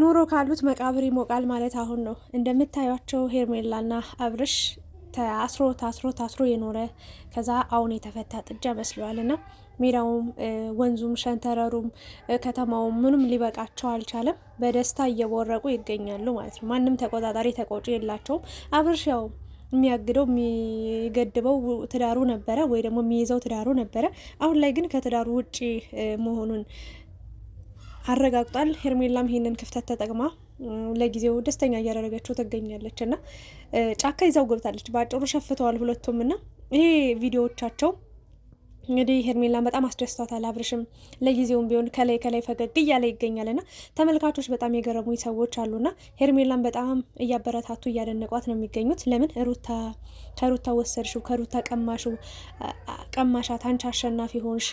ኑሮ ካሉት መቃብር ይሞቃል ማለት አሁን ነው። እንደምታዩቸው ሄርሜላና አብርሽ ታስሮ ታስሮ ታስሮ የኖረ ከዛ አሁን የተፈታ ጥጃ መስለዋል እና ሜዳውም ወንዙም ሸንተረሩም ከተማውም ምንም ሊበቃቸው አልቻለም። በደስታ እየቦረቁ ይገኛሉ ማለት ነው። ማንም ተቆጣጣሪ ተቆጪ የላቸውም። አብርሽ ያው የሚያግደው የሚገድበው ትዳሩ ነበረ ወይ ደግሞ የሚይዘው ትዳሩ ነበረ። አሁን ላይ ግን ከትዳሩ ውጪ መሆኑን አረጋግጧል። ሄርሜላም ይህንን ክፍተት ተጠቅማ ለጊዜው ደስተኛ እያደረገችው ትገኛለች እና ጫካ ይዛው ገብታለች። በአጭሩ ሸፍተዋል ሁለቱም እና ይሄ ቪዲዮዎቻቸው እንግዲህ ሄርሜላን በጣም አስደስቷታል። አብርሽም ለጊዜውም ቢሆን ከላይ ከላይ ፈገግ እያለ ይገኛል እና ተመልካቾች በጣም የገረሙኝ ሰዎች አሉና ሄርሜላን በጣም እያበረታቱ እያደነቋት ነው የሚገኙት። ለምን ሩታ ከሩታ ወሰድሽው፣ ከሩታ ቀማሹ ቀማሻት፣ አንቺ አሸናፊ ሆንሽ፣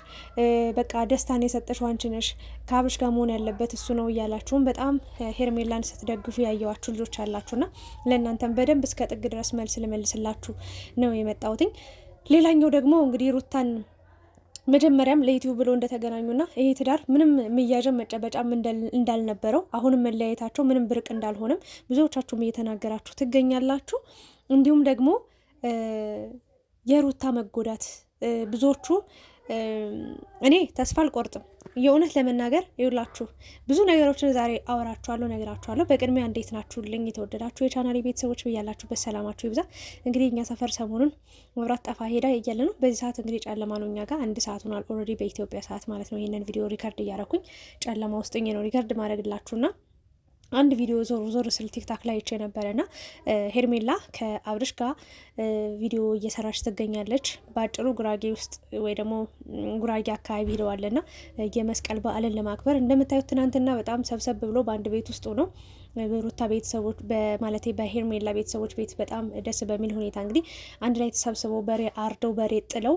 በቃ ደስታን የሰጠሽው አንቺ ነሽ፣ ከአብርሽ ጋር መሆን ያለበት እሱ ነው እያላችሁም በጣም ሄርሜላን ስትደግፉ ያየዋችሁ ልጆች አላችሁና ለእናንተም በደንብ እስከ ጥግ ድረስ መልስ ልመልስላችሁ ነው የመጣውትኝ። ሌላኛው ደግሞ እንግዲህ ሩታን መጀመሪያም ለዩቲዩ ብሎ እንደተገናኙና ይሄ ትዳር ምንም መያዣም መጨበጫም እንዳልነበረው አሁንም መለያየታቸው ምንም ብርቅ እንዳልሆነም ብዙዎቻችሁም እየተናገራችሁ ትገኛላችሁ። እንዲሁም ደግሞ የሩታ መጎዳት ብዙዎቹ እኔ ተስፋ አልቆርጥም። የእውነት ለመናገር ይውላችሁ ብዙ ነገሮችን ዛሬ አወራችኋለሁ፣ ነገራችኋለሁ። በቅድሚያ እንዴት ናችሁልኝ የተወደዳችሁ የቻናል ቤተሰቦች? ብያላችሁበት ሰላማችሁ ይብዛ። እንግዲህ እኛ ሰፈር ሰሞኑን መብራት ጠፋ ሄዳ እያለ ነው። በዚህ ሰዓት እንግዲህ ጨለማ ነው እኛ ጋር አንድ ሰዓት ሆኗል ኦልሬዲ በኢትዮጵያ ሰዓት ማለት ነው። ይህንን ቪዲዮ ሪከርድ እያረኩኝ ጨለማ ውስጥ ነው ሪከርድ ማድረግላችሁና አንድ ቪዲዮ ዞር ዞር ስል ቲክታክ ላይ ይቼ ነበረ እና ሄርሜላ ከአብርሽ ጋር ቪዲዮ እየሰራች ትገኛለች። በአጭሩ ጉራጌ ውስጥ ወይ ደግሞ ጉራጌ አካባቢ ሂደዋል እና የመስቀል በዓልን ለማክበር እንደምታዩት ትናንትና በጣም ሰብሰብ ብሎ በአንድ ቤት ውስጥ ነው በሩታ ቤተሰቦች በማለቴ በሄርሜላ ቤተሰቦች ቤት በጣም ደስ በሚል ሁኔታ እንግዲህ አንድ ላይ ተሰብስበው በሬ አርደው በሬ ጥለው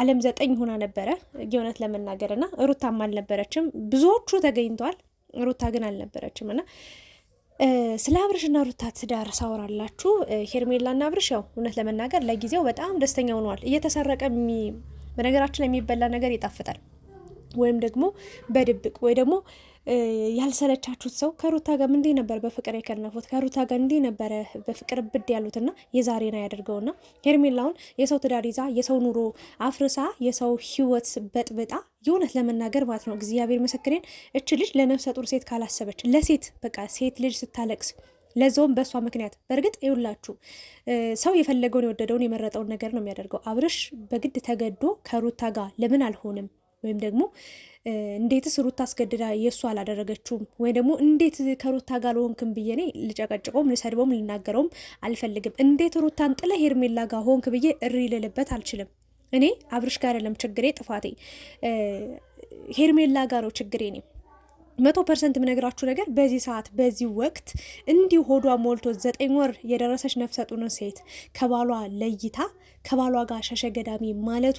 አለም ዘጠኝ ሆና ነበረ የእውነት ለመናገር እና ሩታም አልነበረችም። ብዙዎቹ ተገኝተዋል። ሩታ ግን አልነበረችም እና ስለ አብርሽና ሩታ ትዳር ሳወራላችሁ ሄርሜላና አብርሽ ያው እውነት ለመናገር ለጊዜው በጣም ደስተኛ ሆነዋል። እየተሰረቀ በነገራችን የሚበላ ነገር ይጣፍጣል፣ ወይም ደግሞ በድብቅ ወይ ደግሞ ያልሰለቻችሁት ሰው ከሩታ ጋር እንዲህ ነበር በፍቅር የከነፉት ከሩታ ጋር እንዲህ ነበረ በፍቅር ብድ ያሉትና የዛሬን አያደርገውና ሄርሜላውን የሰው ትዳር ይዛ የሰው ኑሮ አፍርሳ የሰው ህይወት በጥብጣ የእውነት ለመናገር ማለት ነው እግዚአብሔር መሰክሬን እች ልጅ ለነፍሰ ጡር ሴት ካላሰበች ለሴት በቃ ሴት ልጅ ስታለቅስ ለዛውም በእሷ ምክንያት በእርግጥ ይውላችሁ ሰው የፈለገውን የወደደውን የመረጠውን ነገር ነው የሚያደርገው። አብርሽ በግድ ተገዶ ከሩታ ጋር ለምን አልሆንም ወይም ደግሞ እንዴትስ ሩታ አስገድዳ የእሱ አላደረገችውም ወይ ደግሞ እንዴት ከሩታ ጋር ሆንክም ብዬ እኔ ልጨቀጭቀውም ልሰድበውም ልናገረውም አልፈልግም። እንዴት ሩታን ጥለ ሄርሜላ ጋር ሆንክ ብዬ እሪ ልልበት አልችልም። እኔ አብርሽ ጋር አይደለም ችግሬ ጥፋቴ፣ ሄርሜላ ጋር ነው ችግሬ እኔ መቶ ፐርሰንት የምነግራችሁ ነገር በዚህ ሰዓት በዚህ ወቅት እንዲህ ሆዷ ሞልቶ ዘጠኝ ወር የደረሰች ነፍሰ ሴት ከባሏ ለይታ ከባሏ ጋር ሸሸ ገዳሚ ማለቱ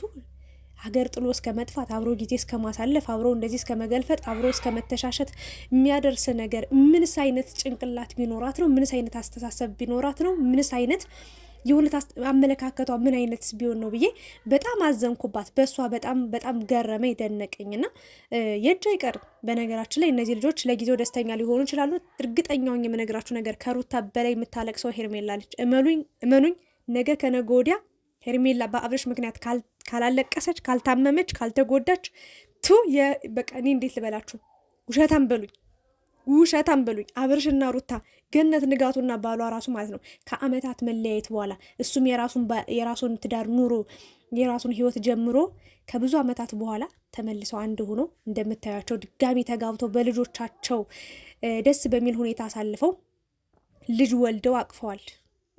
ሀገር ጥሎ እስከ መጥፋት አብሮ ጊዜ እስከ ማሳለፍ አብሮ እንደዚህ እስከ መገልፈጥ አብሮ እስከ መተሻሸት የሚያደርስ ነገር ምንስ አይነት ጭንቅላት ቢኖራት ነው? ምንስ አይነት አስተሳሰብ ቢኖራት ነው? ምንስ አይነት የሆነ አመለካከቷ ምን አይነት ቢሆን ነው ብዬ በጣም አዘንኩባት። በእሷ በጣም በጣም ገረመኝ ደነቀኝና የእጅ አይቀርም። በነገራችን ላይ እነዚህ ልጆች ለጊዜው ደስተኛ ሊሆኑ ይችላሉ። እርግጠኛውን የምነግራችሁ ነገር ከሩታ በላይ የምታለቅ ሰው ሄርሜላ ልጅ እመኑኝ፣ ነገ ከነገ ወዲያ ሄርሜላ በአብረሽ ምክንያት ካል ካላለቀሰች፣ ካልታመመች፣ ካልተጎዳች ቱ በቃ እኔ እንዴት ልበላችሁ፣ ውሸታም በሉኝ ውሸታም በሉኝ። አብርሽና ሩታ ገነት ንጋቱና ባሏ ራሱ ማለት ነው ከአመታት መለያየት በኋላ እሱም የራሱን ትዳር ኑሮ የራሱን ህይወት ጀምሮ ከብዙ አመታት በኋላ ተመልሰው አንድ ሆኖ እንደምታያቸው ድጋሚ ተጋብተው በልጆቻቸው ደስ በሚል ሁኔታ አሳልፈው ልጅ ወልደው አቅፈዋል።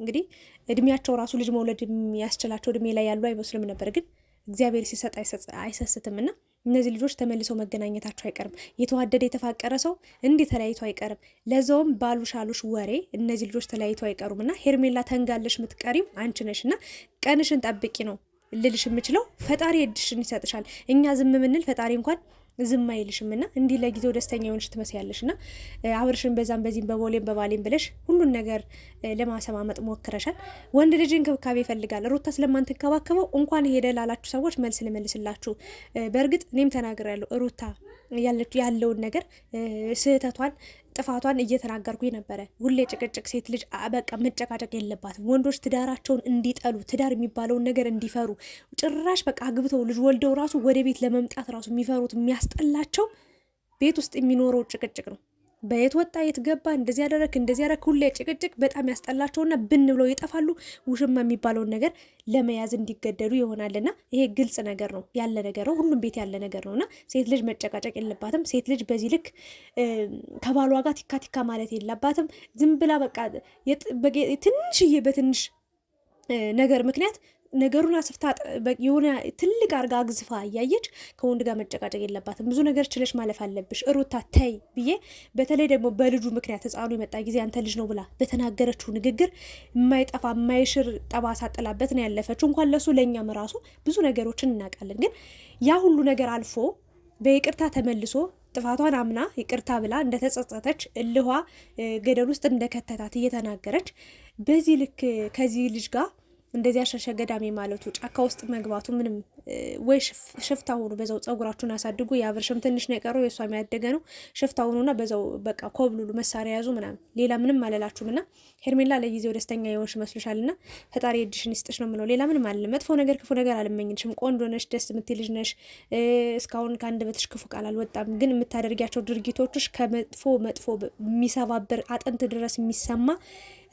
እንግዲህ እድሜያቸው ራሱ ልጅ መውለድ የሚያስችላቸው እድሜ ላይ ያሉ አይመስልም ነበር ግን እግዚአብሔር ሲሰጥ አይሰስትም እና እነዚህ ልጆች ተመልሰው መገናኘታቸው አይቀርም። የተዋደደ የተፋቀረ ሰው እንዲህ ተለያይቶ አይቀርም። ለዛውም ባሉሻሉሽ ወሬ እነዚህ ልጆች ተለያይቶ አይቀሩም እና ሄርሜላ ተንጋለሽ ምትቀሪው አንቺ ነሽ እና ቀንሽን ጠብቂ ነው ልልሽ የምችለው። ፈጣሪ እድሽን ይሰጥሻል። እኛ ዝም ምንል ፈጣሪ እንኳን ዝም አይልሽም እና እንዲህ ለጊዜው ደስተኛ የሆንሽ ትመስያለሽ እና አብርሽን በዛም በዚህም በቦሌም በባሌም ብለሽ ሁሉን ነገር ለማሰማመጥ ሞክረሻል። ወንድ ልጅ እንክብካቤ ይፈልጋል። ሩታ ስለማንትንከባከበው እንኳን ሄደ ላላችሁ ሰዎች መልስ ልመልስላችሁ። በእርግጥ እኔም ተናግሬያለሁ ሩታ ያለውን ነገር ስህተቷን ጥፋቷን እየተናገርኩኝ ነበረ። ሁሌ ጭቅጭቅ፣ ሴት ልጅ በቃ መጨቃጨቅ የለባትም። ወንዶች ትዳራቸውን እንዲጠሉ ትዳር የሚባለውን ነገር እንዲፈሩ ጭራሽ በቃ አግብተው ልጅ ወልደው ራሱ ወደ ቤት ለመምጣት ራሱ የሚፈሩት የሚያስጠላቸው ቤት ውስጥ የሚኖረው ጭቅጭቅ ነው። በየት ወጣ የት ገባ፣ እንደዚህ ያደረክ እንደዚህ ያደረክ፣ ሁሌ ጭቅጭቅ በጣም ያስጠላቸውና ብን ብለው ይጠፋሉ። ውሽማ የሚባለውን ነገር ለመያዝ እንዲገደዱ ይሆናልና ይሄ ግልጽ ነገር ነው፣ ያለ ነገር ነው፣ ሁሉም ቤት ያለ ነገር ነውና ሴት ልጅ መጨቃጨቅ የለባትም። ሴት ልጅ በዚህ ልክ ከባሏ ጋር ቲካ ቲካ ማለት የለባትም። ዝም ብላ በቃ ትንሽዬ በትንሽ ነገር ምክንያት ነገሩን አስፍታ የሆነ ትልቅ አርጋ አግዝፋ እያየች ከወንድ ጋር መጨቃጨቅ የለባትም። ብዙ ነገር ችለሽ ማለፍ አለብሽ ሩታ ተይ ብዬ በተለይ ደግሞ በልጁ ምክንያት ሕፃኑ የመጣ ጊዜ አንተ ልጅ ነው ብላ በተናገረችው ንግግር የማይጠፋ የማይሽር ጠባሳ ጥላበት ነው ያለፈችው። እንኳን ለሱ ለእኛም ራሱ ብዙ ነገሮችን እናውቃለን። ግን ያ ሁሉ ነገር አልፎ በይቅርታ ተመልሶ ጥፋቷን አምና ይቅርታ ብላ እንደተጸጸተች እልኋ ገደል ውስጥ እንደከተታት እየተናገረች በዚህ ልክ ከዚህ ልጅ ጋር እንደዚህ ሸሸ ገዳሜ ማለቱ ጫካ ውስጥ መግባቱ ምንም ወይ ሽፍታ ሁኑ፣ በዛው ጸጉራችሁን አሳድጉ። የአብርሽም ትንሽ ነው የቀረው፣ የእሷ የሚያደገ ነው። ሽፍታ ሁኑና በዛው በቃ ኮብሉሉ፣ መሳሪያ ያዙ ምናምን። ሌላ ምንም አላላችሁም። እና ሄርሜላ ለጊዜው ደስተኛ የሆንሽ መስሎሻል። እና ፈጣሪ እድሽን ይስጥሽ ነው የምለው። ሌላ ምንም አለ። መጥፎ ነገር ክፉ ነገር አልመኝልሽም። ቆንጆ ነሽ፣ ደስ የምትል ልጅ ነሽ። እስካሁን ከአንድ በትሽ ክፉ ቃል አልወጣም። ግን የምታደርጊያቸው ድርጊቶችሽ ከመጥፎ መጥፎ የሚሰባብር አጥንት ድረስ የሚሰማ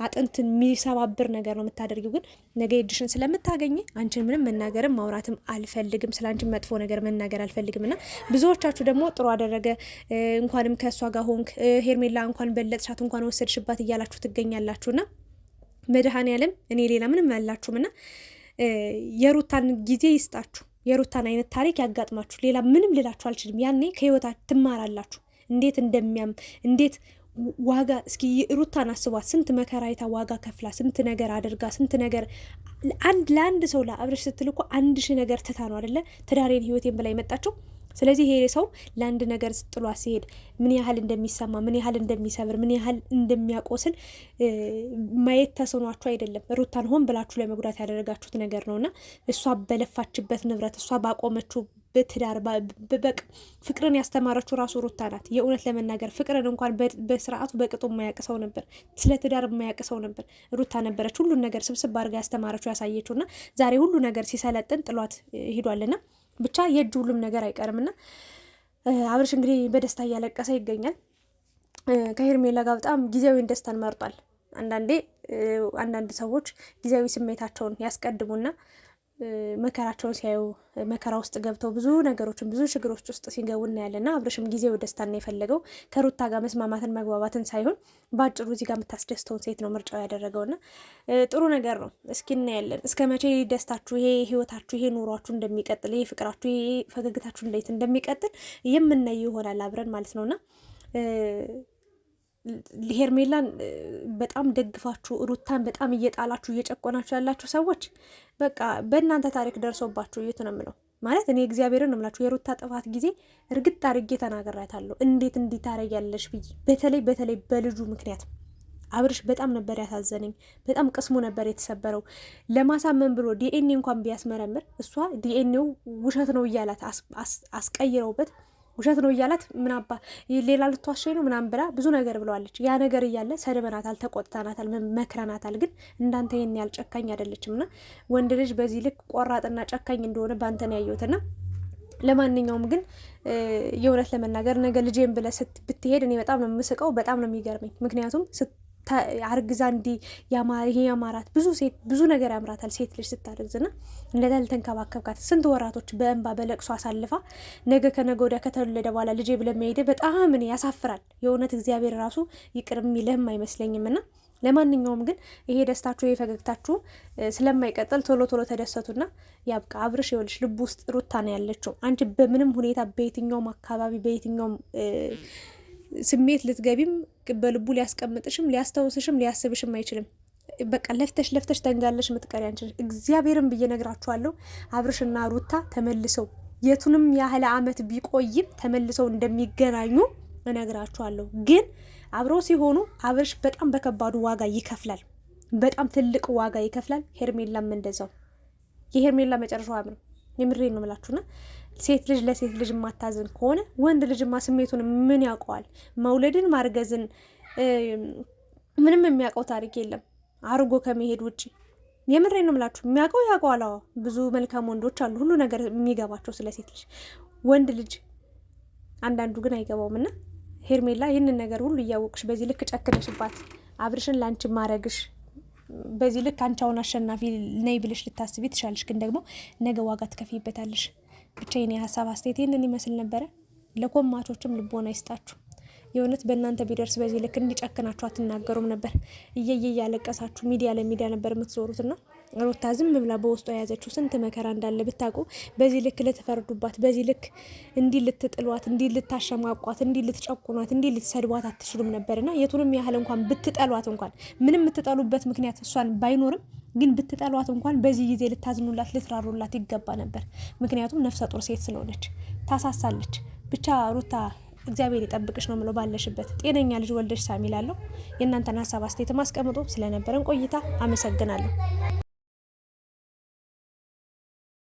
አጥንት የሚሰባብር ነገር ነው የምታደርጊው። ግን ነገ እድሽን ስለምታገኝ አንቺን ምንም መናገርም ማውራትም አለ አልፈልግም፣ ስለ አንቺ መጥፎ ነገር መናገር አልፈልግም እና ብዙዎቻችሁ ደግሞ ጥሩ አደረገ እንኳንም ከእሷ ጋር ሆንክ ሄርሜላ እንኳን በለጥሻት እንኳን ወሰድሽባት እያላችሁ ትገኛላችሁና መድኃኔዓለም እኔ ሌላ ምንም አላችሁም እና የሩታን ጊዜ ይስጣችሁ። የሩታን አይነት ታሪክ ያጋጥማችሁ። ሌላ ምንም ልላችሁ አልችልም። ያኔ ከህይወታችሁ ትማራላችሁ እንዴት እንደሚያም እንዴት ዋጋ እስኪ ሩታን አስቧት። ስንት መከራ አይታ ዋጋ ከፍላ ስንት ነገር አድርጋ ስንት ነገር አንድ ለአንድ ሰው ለአብረሽ ስትል እኮ አንድ ሺህ ነገር ትታ ነው አደለ ትዳሬን ህይወቴን ብላ የመጣችው። ስለዚህ ይሄ ሰው ለአንድ ነገር ስጥሏ ሲሄድ ምን ያህል እንደሚሰማ ምን ያህል እንደሚሰብር ምን ያህል እንደሚያቆስል ማየት ተስኗችሁ አይደለም። ሩታን ሆን ብላችሁ ለመጉዳት ያደረጋችሁት ነገር ነውና እሷ በለፋችበት ንብረት እሷ ባቆመችው በትዳር በበቅ ፍቅርን ያስተማረችው ራሱ ሩታ ናት። የእውነት ለመናገር ፍቅርን እንኳን በስርዓቱ በቅጡ የማያቅሰው ነበር፣ ስለ ትዳር የማያቅሰው ነበር። ሩታ ነበረች ሁሉን ነገር ስብስብ አድርጋ ያስተማረችው ያሳየችው እና ዛሬ ሁሉ ነገር ሲሰለጥን ጥሏት ሂዷልና ብቻ የእጅ ሁሉም ነገር አይቀርምና አብርሽ እንግዲህ በደስታ እያለቀሰ ይገኛል። ከሄርሜላ ጋር በጣም ጊዜያዊን ደስታን መርጧል። አንዳንዴ አንዳንድ ሰዎች ጊዜያዊ ስሜታቸውን ያስቀድሙና መከራቸውን ሲያዩ መከራ ውስጥ ገብተው ብዙ ነገሮችን ብዙ ችግሮች ውስጥ ሲገቡ እናያለና አብርሽም ጊዜው ደስታና የፈለገው ከሩታ ጋር መስማማትን መግባባትን ሳይሆን በአጭሩ እዚህ ጋር የምታስደስተውን ሴት ነው ምርጫው ና ጥሩ ነገር ነው። እስኪ እናያለን እስከ መቼ ደስታችሁ ይሄ ህይወታችሁ ይሄ ኑሯችሁ እንደሚቀጥል ይሄ ፍቅራችሁ ይሄ ፈገግታችሁ እንዴት እንደሚቀጥል የምናየው ይሆናል አብረን ማለት ነውና ሄርሜላን በጣም ደግፋችሁ ሩታን በጣም እየጣላችሁ እየጨቆናችሁ ያላችሁ ሰዎች በቃ በእናንተ ታሪክ ደርሶባችሁ የት ነው የምለው ማለት እኔ እግዚአብሔርን ነው የምላችሁ። የሩታ ጥፋት ጊዜ እርግጥ አድርጌ ተናግሬያታለሁ። እንዴት እንዲህ ታረጊያለሽ ብዬ በተለይ በተለይ በልጁ ምክንያት አብርሽ በጣም ነበር ያሳዘነኝ። በጣም ቅስሙ ነበር የተሰበረው። ለማሳመን ብሎ ዲኤንኤ እንኳን ቢያስመረምር እሷ ዲኤንኤው ውሸት ነው እያላት አስቀይረውበት ውሸት ነው እያላት ምናባ ሌላ ልትዋሸኝ ነው ምናምን ብላ ብዙ ነገር ብለዋለች። ያ ነገር እያለ ሰድበናታል፣ ተቆጥተናታል፣ መክረናታል። ግን እንዳንተ ይህን ያህል ጨካኝ አይደለችም። ና ወንድ ልጅ በዚህ ልክ ቆራጥና ጨካኝ እንደሆነ ባንተን ያየሁትና ለማንኛውም ግን የእውነት ለመናገር ነገ ልጄን ብለህ ብትሄድ እኔ በጣም ነው የምስቀው፣ በጣም ነው የሚገርመኝ ምክንያቱም አርግዛ እንዲ ይሄ ያማራት ብዙ ሴት ብዙ ነገር ያምራታል ሴት ልጅ ስታረግዝና እንደዛ ልተንከባከብካት ስንት ወራቶች በእንባ በለቅሶ አሳልፋ ነገ ከነገ ወዲያ ከተወለደ በኋላ ልጄ ብለሚሄደ በጣም እኔ ያሳፍራል። የእውነት እግዚአብሔር ራሱ ይቅር የሚልህም አይመስለኝምና ለማንኛውም ግን ይሄ ደስታችሁ ይሄ ፈገግታችሁ ስለማይቀጥል ቶሎ ቶሎ ተደሰቱና ያብቃ። አብርሽ ይኸውልሽ ልብ ውስጥ ሩታ ነው ያለችው። አንቺ በምንም ሁኔታ በየትኛውም አካባቢ በየትኛውም ስሜት ልትገቢም በልቡ ሊያስቀምጥሽም ሊያስታውስሽም ሊያስብሽም አይችልም። በቃ ለፍተሽ ለፍተሽ ተንጋለሽ የምትቀሪ አንችል። እግዚአብሔርን ብዬ ነግራችኋለሁ። አብርሽና ሩታ ተመልሰው የቱንም ያህል አመት ቢቆይም ተመልሰው እንደሚገናኙ እነግራችኋለሁ። ግን አብረው ሲሆኑ አብርሽ በጣም በከባዱ ዋጋ ይከፍላል። በጣም ትልቅ ዋጋ ይከፍላል። ሄርሜላም እንደዛው። የሄርሜላ መጨረሻው አያምርም። የምሬ ነው የምላችሁና ሴት ልጅ ለሴት ልጅ ማታዝን ከሆነ ወንድ ልጅማ ስሜቱን ምን ያውቀዋል? መውለድን ማርገዝን ምንም የሚያውቀው ታሪክ የለም አርጎ ከመሄድ ውጭ። የምሬ ነው ምላችሁ የሚያውቀው ያውቀዋል። አዎ ብዙ መልካም ወንዶች አሉ፣ ሁሉ ነገር የሚገባቸው ስለ ሴት ልጅ። ወንድ ልጅ አንዳንዱ ግን አይገባውም። እና ሄርሜላ ይህንን ነገር ሁሉ እያወቅሽ በዚህ ልክ ጨክነሽባት አብርሽን ላንች ማረግሽ በዚህ ልክ አንቺ አሁን አሸናፊ ነይ ብለሽ ልታስቢ ትሻለሽ፣ ግን ደግሞ ነገ ዋጋ ትከፊበታለሽ። ብቻ የኔ ሀሳብ አስተያየት ይህንን ይመስል ነበረ። ለኮማቾችም ልቦና ይስጣችሁ። የእውነት በእናንተ ቢደርስ በዚህ ልክ እንዲጨክናችሁ አትናገሩም ነበር። እየየ እያለቀሳችሁ ሚዲያ ለሚዲያ ነበር የምትዞሩትና ሩታ ዝም ብላ በውስጧ የያዘችው ስንት መከራ እንዳለ ብታውቁ በዚህ ልክ ልትፈርዱባት፣ በዚህ ልክ እንዲህ ልትጥሏት፣ እንዲህ ልታሸማቋት፣ እንዲህ ልትጨቁኗት፣ እንዲህ ልትሰድቧት አትችሉም ነበርና የቱንም ያህል እንኳን ብትጠሏት እንኳን ምንም የምትጠሉበት ምክንያት እሷን ባይኖርም ግን ብትጠሏት እንኳን በዚህ ጊዜ ልታዝኑላት፣ ልትራሩላት ይገባ ነበር። ምክንያቱም ነፍሰ ጡር ሴት ስለሆነች ታሳሳለች። ብቻ ሩታ እግዚአብሔር ይጠብቅሽ ነው ምለው። ባለሽበት ጤነኛ ልጅ ወልደሽ ሳሚ ላለሁ የእናንተን ሀሳብ አስተያየት ማስቀምጦ ስለነበረን ቆይታ አመሰግናለሁ።